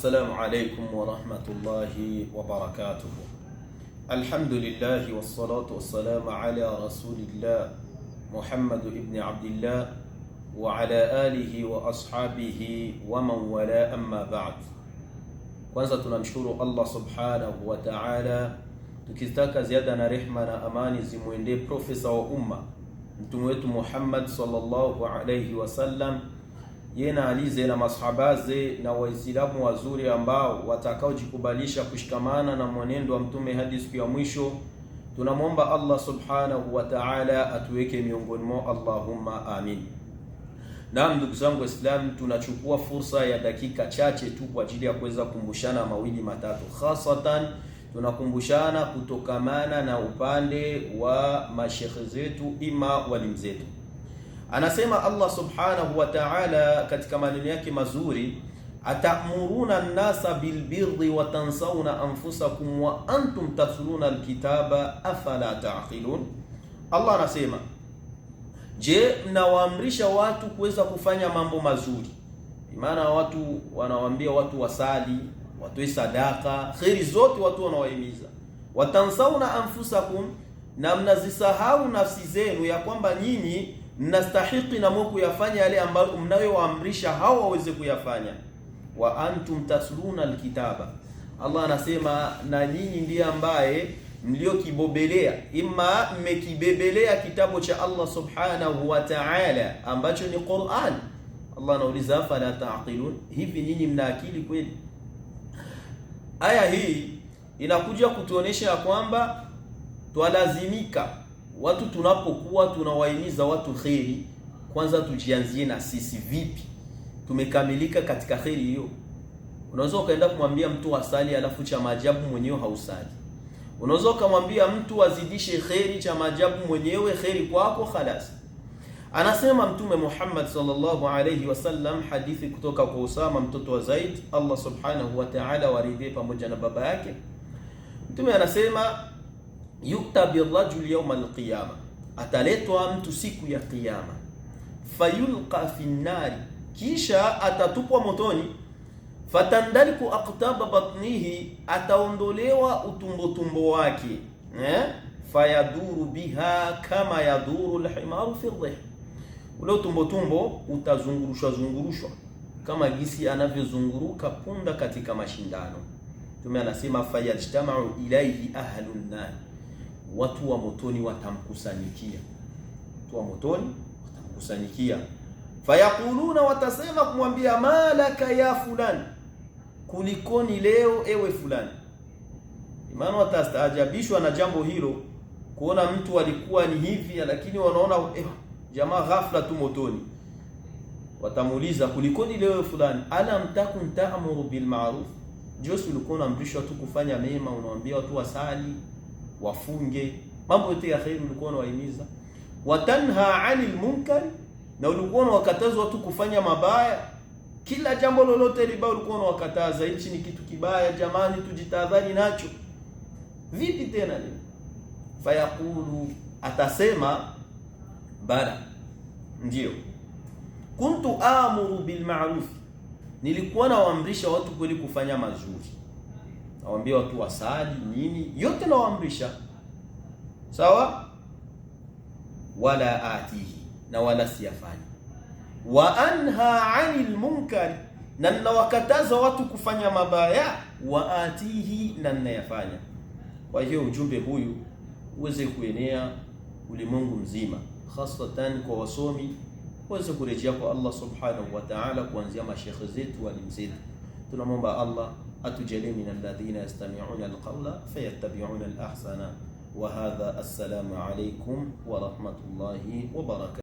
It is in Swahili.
السلام عليكم ورحمة الله وبركاته الحمد لله والصلاة والسلام على رسول الله محمد ابن عبد الله وعلى آله وأصحابه ومن ولا أما بعد kwanza tunamshukuru Allah subhanahu wa ta'ala tukitaka ziada na rehma na amani zimwendee profesa wa umma mtume wetu Muhammad sallallahu alayhi wasallam ye na alize na masahabaze na Waislamu wazuri ambao watakaojikubalisha kushikamana na mwenendo wa mtume hadi siku ya mwisho. Tunamwomba Allah subhanahu wa ta'ala atuweke miongoni mwao, allahumma amin. nam ndugu zangu Waislamu, tunachukua fursa ya dakika chache tu kwa ajili ya kuweza kukumbushana mawili matatu, hasatan tunakumbushana kutokamana na upande wa mashekhe zetu ima walimu zetu Anasema Allah subhanahu wa ta'ala katika maneno yake mazuri, atamuruna nnasa bilbirri wa tansawna anfusakum wa antum tatluna alkitaba afala taqilun. Allah anasema, je, mnawaamrisha watu kuweza kufanya mambo mazuri, maana watu wanawaambia watu wasali, watoe sadaka, kheri zote watu wanawahimiza, watansauna anfusakum, na mnazisahau nafsi zenu ya kwamba nyinyi mnastahiki mwe kuyafanya yale ambayo mnayoamrisha hao waweze kuyafanya. wa antum tasluna alkitaba, Allah anasema na nyinyi ndiye ambaye mliokibobelea, imma mmekibebelea kitabu cha Allah subhanahu wa ta'ala ambacho ni Qur'an. Allah anauliza fala taqilun, hivi nyinyi mna akili kweli? Aya hii inakuja kutuonesha ya kwamba twalazimika watu tunapokuwa tunawahimiza watu kheri, kwanza tujianzie na sisi, vipi tumekamilika katika kheri hiyo? Unaweza ukaenda kumwambia mtu asali, alafu cha maajabu mwenyewe hausali. Unaweza ukamwambia mtu azidishe kheri, cha maajabu mwenyewe kheri kwako khalas. Anasema Mtume Muhammad sallallahu alayhi wasallam, hadithi kutoka kwa Usama mtoto wa Zaid, Allah subhanahu wa ta'ala waridhie pamoja na baba yake. Mtume anasema yukta birrajul yauma alqiyama, ataletwa mtu siku ya Kiyama. Fayulqa fi nnari, kisha atatupwa motoni. Fatandaliku aktaba batnihi, ataondolewa utumbotumbo wake eh? Fayaduru biha kama yaduru lhimaru fi rih, ule utumbotumbo utazungurushwa zungurushwa kama gisi anavyozunguruka punda katika mashindano. Tume anasema fayajtamau ilaihi ahlu nnari watu wa motoni watamkusanyikia, watu wa motoni watamkusanyikia. Fayaquluna, watasema kumwambia, malaka ya fulani, kulikoni leo ewe fulani. Imani watastaajabishwa na jambo hilo, kuona mtu alikuwa ni hivi, lakini wanaona eh, jamaa ghafla tu motoni. Watamuuliza, kulikoni leo ewe fulani, alam takun ta'muru bil ma'ruf, ulikuwa unamrishwa tu kufanya mema, unawaambia watu wasali wafunge mambo yote ya kheri, ulikuwa unawahimiza watanha anil munkari, na ulikuwa unawakataza watu kufanya mabaya. Kila jambo lolote libaya ulikuwa unawakataza, hichi ni kitu kibaya, jamani, tujitahadhari nacho. Vipi tena ni Fayaqulu, atasema bala, ndio kuntu amuru bil ma'ruf, nilikuwa nawaamrisha watu kweli kufanya mazuri nawaambia watu wasali nini, yote nawaamrisha sawa. Wala atihi na wala siyafanyi. Wa anha anil munkari, na ninawakataza watu kufanya mabaya. Wa atihi na ninayafanya. Kwa hiyo ujumbe huyu uweze kuenea ulimwengu mzima, hasatan kwa wasomi waweze kurejea kwa Allah subhanahu wa ta'ala, kuanzia mashekhe zetu, walimu zetu. Tunamwomba Allah أتجلي من الذين يستمعون القول فيتبعون الأحسن وهذا السلام عليكم ورحمة الله وبركاته